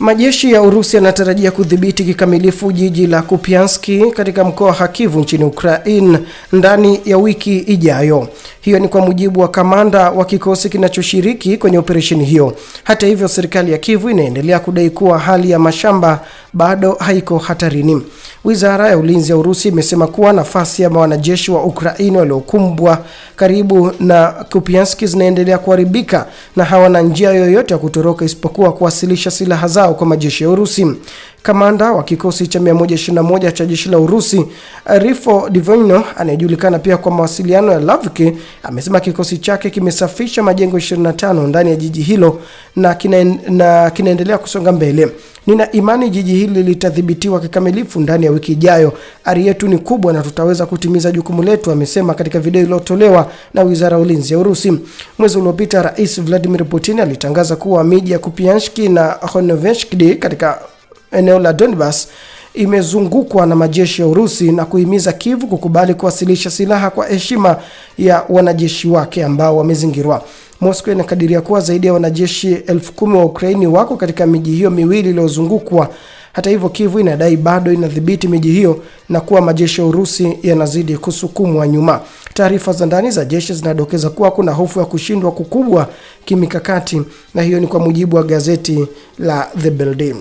Majeshi ya Urusi yanatarajia kudhibiti kikamilifu jiji la Kupiansk katika mkoa wa Kharkiv nchini Ukraine ndani ya wiki ijayo. Hiyo ni kwa mujibu wa kamanda wa kikosi kinachoshiriki kwenye operesheni hiyo. Hata hivyo, serikali ya kivu inaendelea kudai kuwa hali ya mashamba bado haiko hatarini. Wizara ya ulinzi ya Urusi imesema kuwa nafasi ya wanajeshi wa Ukraini waliokumbwa karibu na Kupianski zinaendelea kuharibika na hawana njia yoyote ya kutoroka isipokuwa kuwasilisha silaha zao kwa majeshi ya Urusi. Kamanda wa kikosi cha 121 cha jeshi la Urusi Rifo Divino anayejulikana pia kwa mawasiliano ya Lavki amesema kikosi chake kimesafisha majengo 25 ndani ya jiji hilo na, kina, na kinaendelea kusonga mbele. Nina imani jiji hili litadhibitiwa kikamilifu ndani ya wiki ijayo. Ari yetu ni kubwa na tutaweza kutimiza jukumu letu, amesema katika video iliyotolewa na wizara ya ulinzi ya Urusi. Mwezi uliopita, Rais Vladimir Putin alitangaza kuwa miji ya Kupiansk na Honoveshkd katika eneo la Donbas imezungukwa na majeshi ya Urusi na kuhimiza kivu kukubali kuwasilisha silaha kwa heshima ya wanajeshi wake ambao wamezingirwa. Moscow inakadiria kuwa zaidi ya wanajeshi elfu kumi wa Ukraini wako katika miji hiyo miwili iliyozungukwa hata hivyo, Kivu inadai bado inadhibiti miji hiyo na kuwa majeshi ya Urusi yanazidi kusukumwa nyuma. Taarifa za ndani za jeshi zinadokeza kuwa kuna hofu ya kushindwa kukubwa kimikakati, na hiyo ni kwa mujibu wa gazeti la The Building.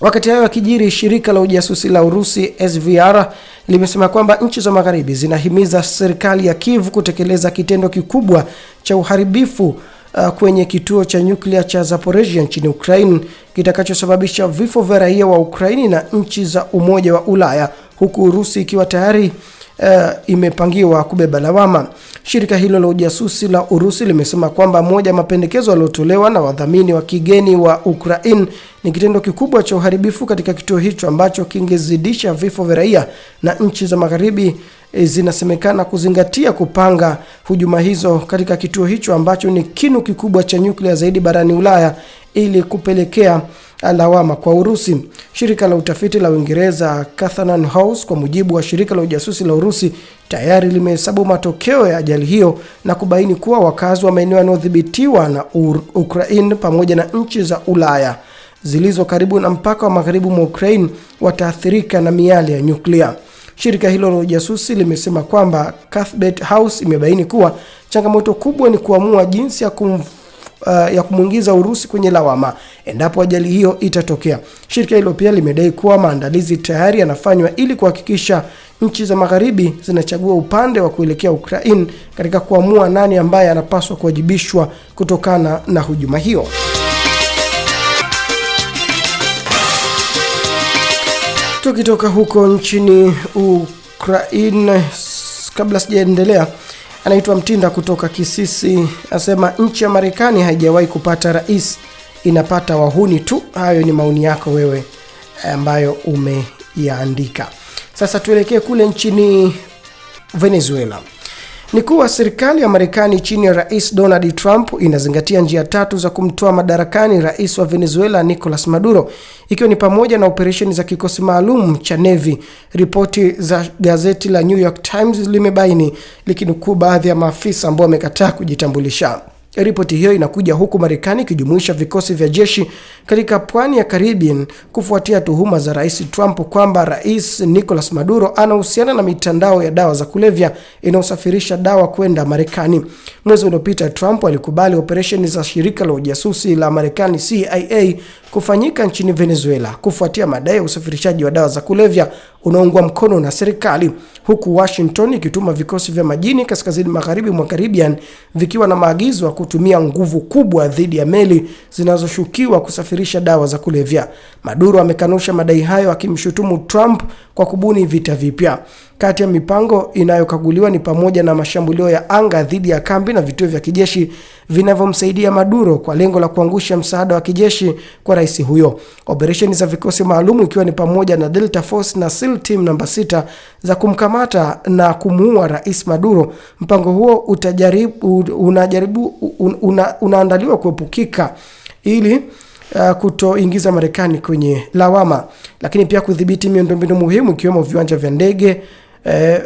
Wakati hayo akijiri, shirika la ujasusi la Urusi SVR limesema kwamba nchi za magharibi zinahimiza serikali ya Kiev kutekeleza kitendo kikubwa cha uharibifu uh, kwenye kituo cha nyuklia cha Zaporizhia nchini Ukraine kitakachosababisha vifo vya raia wa Ukraini na nchi za Umoja wa Ulaya huku Urusi ikiwa tayari Uh, imepangiwa kubeba lawama. Shirika hilo la ujasusi la Urusi limesema kwamba moja ya mapendekezo yaliyotolewa na wadhamini wa kigeni wa Ukraine ni kitendo kikubwa cha uharibifu katika kituo hicho ambacho kingezidisha vifo vya raia, na nchi za magharibi e, zinasemekana kuzingatia kupanga hujuma hizo katika kituo hicho ambacho ni kinu kikubwa cha nyuklia zaidi barani Ulaya ili kupelekea lawama kwa Urusi. Shirika la utafiti la Uingereza Kathanan House, kwa mujibu wa shirika la ujasusi la Urusi, tayari limehesabu matokeo ya ajali hiyo na kubaini kuwa wakazi wa maeneo yanayodhibitiwa na Ukraine pamoja na nchi za Ulaya zilizo karibu na mpaka wa magharibi mwa Ukraine wataathirika na miale ya nyuklia. Shirika hilo la ujasusi limesema kwamba Cuthbert House imebaini kuwa changamoto kubwa ni kuamua jinsi ya kumfu uh, ya kumwingiza Urusi kwenye lawama endapo ajali hiyo itatokea. Shirika hilo pia limedai kuwa maandalizi tayari yanafanywa ili kuhakikisha nchi za magharibi zinachagua upande wa kuelekea Ukraine katika kuamua nani ambaye anapaswa kuwajibishwa kutokana na hujuma hiyo. Tukitoka huko nchini Ukraine, kabla sijaendelea anaitwa Mtinda kutoka Kisisi, asema nchi ya Marekani haijawahi kupata rais, inapata wahuni tu. Hayo ni maoni yako wewe eh, ambayo umeyaandika Sasa tuelekee kule nchini Venezuela ni kuwa serikali ya Marekani chini ya Rais Donald Trump inazingatia njia tatu za kumtoa madarakani rais wa Venezuela Nicolas Maduro, ikiwa ni pamoja na operesheni za kikosi maalum cha Navy. Ripoti za gazeti la New York Times limebaini likinukuu baadhi ya maafisa ambao wamekataa kujitambulisha. Ripoti hiyo inakuja huku Marekani ikijumuisha vikosi vya jeshi katika pwani ya Caribbean kufuatia tuhuma za Rais Trump kwamba Rais Nicolas Maduro anahusiana na mitandao ya dawa za kulevya inayosafirisha dawa kwenda Marekani. Mwezi uliopita, Trump alikubali operesheni za shirika la ujasusi la Marekani CIA kufanyika nchini Venezuela kufuatia madai ya usafirishaji wa dawa za kulevya unaoungwa mkono na serikali, huku Washington ikituma vikosi vya majini kaskazini magharibi mwa Caribbean vikiwa na maagizo ya kutumia nguvu kubwa dhidi ya meli zinazoshukiwa kusafirisha dawa za kulevya. Maduro amekanusha madai hayo akimshutumu Trump kwa kubuni vita vipya. Kati ya mipango inayokaguliwa ni pamoja na mashambulio ya anga dhidi ya kambi na vituo vya kijeshi vinavyomsaidia Maduro kwa lengo la kuangusha msaada wa kijeshi kwa rais huyo. Operesheni za vikosi maalum ikiwa ni pamoja na Delta Force na SEAL Team namba sita za kumkamata na kumuua rais Maduro. Mpango huo utajaribu, unajaribu, una, unaandaliwa kuepukika ili Uh, kutoingiza Marekani kwenye lawama, lakini pia kudhibiti miundombinu muhimu ikiwemo viwanja vya ndege eh,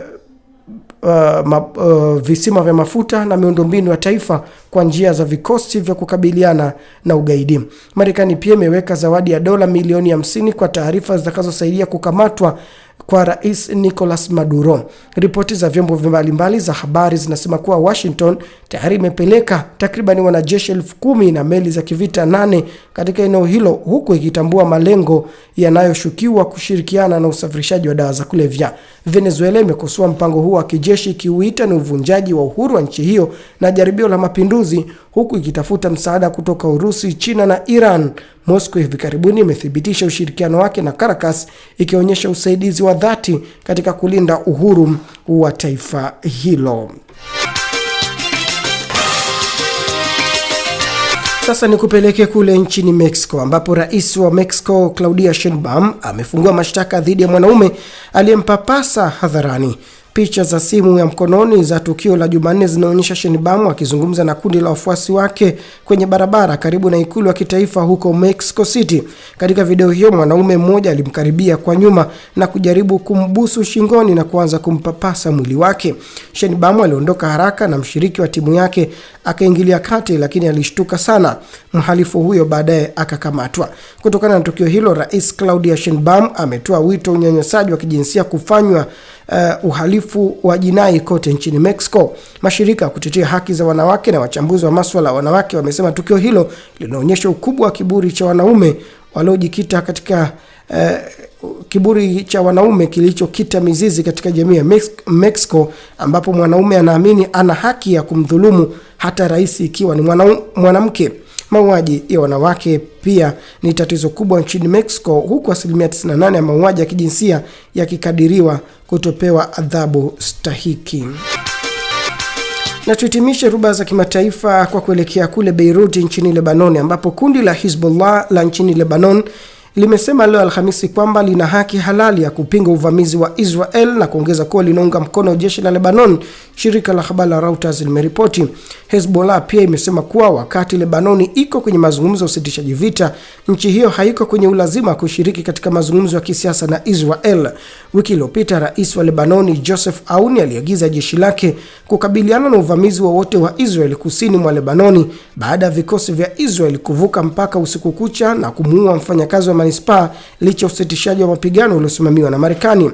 Uh, ma, uh, visima vya mafuta na miundombinu ya taifa kwa njia za vikosi vya kukabiliana na ugaidi. Marekani pia imeweka zawadi ya dola milioni 50 kwa taarifa zitakazosaidia kukamatwa kwa Rais Nicolas Maduro. Ripoti za vyombo mbalimbali za habari zinasema kuwa Washington tayari imepeleka takriban wanajeshi elfu kumi na meli za kivita nane katika eneo hilo huku ikitambua malengo yanayoshukiwa kushirikiana na usafirishaji wa dawa za kulevya. Venezuela imekosoa mpango huo wa kijeshi ikiuita ni uvunjaji wa uhuru wa nchi hiyo na jaribio la mapinduzi huku ikitafuta msaada kutoka Urusi, China na Iran Moscow hivi karibuni imethibitisha ushirikiano wake na Caracas ikionyesha usaidizi wa dhati katika kulinda uhuru wa taifa hilo. Sasa ni kupeleke kule nchini Mexico ambapo rais wa Mexico Claudia Sheinbaum amefungua mashtaka dhidi ya mwanaume aliyempapasa hadharani. Picha za simu ya mkononi za tukio la Jumanne zinaonyesha Sheinbaum akizungumza na kundi la wafuasi wake kwenye barabara karibu na ikulu ya kitaifa huko Mexico City. Katika video hiyo, mwanaume mmoja alimkaribia kwa nyuma na kujaribu kumbusu shingoni na kuanza kumpapasa mwili wake. Sheinbaum aliondoka haraka na mshiriki wa timu yake akaingilia kati, lakini alishtuka sana. Mhalifu huyo baadaye akakamatwa. Kutokana na tukio hilo, Rais Claudia Sheinbaum ametoa wito unyanyasaji wa kijinsia kufanywa uh, uhalifu wa jinai kote nchini Mexico. Mashirika ya kutetea haki za wanawake na wachambuzi wa maswala ya wanawake wamesema tukio hilo linaonyesha ukubwa wa kiburi cha wanaume waliojikita katika uh, kiburi cha wanaume kilichokita mizizi katika jamii ya Mexico, ambapo mwanaume anaamini ana haki ya kumdhulumu hata rais ikiwa ni mwanamke. Mauaji ya wanawake pia ni tatizo kubwa nchini Mexico, huku asilimia 98 ya mauaji ya kijinsia yakikadiriwa kutopewa adhabu stahiki. Na tuhitimishe ruba za kimataifa kwa kuelekea kule Beirut nchini Lebanon, ambapo kundi la Hizbullah la nchini Lebanon limesema leo Alhamisi kwamba lina haki halali ya kupinga uvamizi wa Israel na kuongeza kuwa linaunga mkono jeshi la Lebanon, shirika la habari la Reuters limeripoti. Hezbollah pia imesema kuwa wakati Lebanoni iko kwenye mazungumzo ya usitishaji vita, nchi hiyo haiko kwenye ulazima wa kushiriki katika mazungumzo ya kisiasa na Israel. Wiki iliyopita, rais wa Lebanoni Joseph Aoun aliagiza jeshi lake kukabiliana na uvamizi wowote wa, wa Israel kusini mwa Lebanoni baada ya vikosi vya Israel kuvuka mpaka usiku kucha na kumuua mfanyakazi wa Manispa licha ya usitishaji wa mapigano uliosimamiwa na Marekani.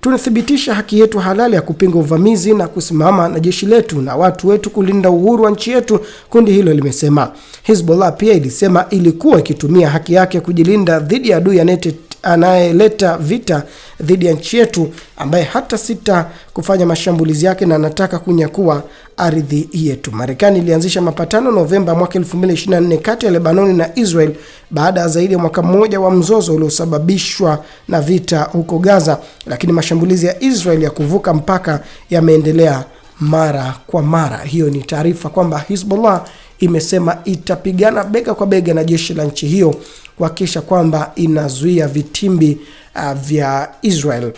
Tunathibitisha haki yetu halali ya kupinga uvamizi na kusimama na jeshi letu na watu wetu kulinda uhuru wa nchi yetu, kundi hilo limesema. Hezbollah pia ilisema ilikuwa ikitumia haki yake kujilinda dhidi ya adui anayeleta vita dhidi ya nchi yetu, ambaye hata sita kufanya mashambulizi yake na anataka kunyakua ardhi yetu. Marekani ilianzisha mapatano Novemba mwaka 2024 kati ya Lebanoni na Israel baada ya zaidi ya mwaka mmoja wa mzozo uliosababishwa na vita huko Gaza, lakini mashambulizi ya Israel ya kuvuka mpaka yameendelea mara kwa mara. Hiyo ni taarifa kwamba Hezbollah imesema itapigana bega kwa bega na jeshi la nchi hiyo kuhakikisha kwamba inazuia vitimbi uh, vya Israel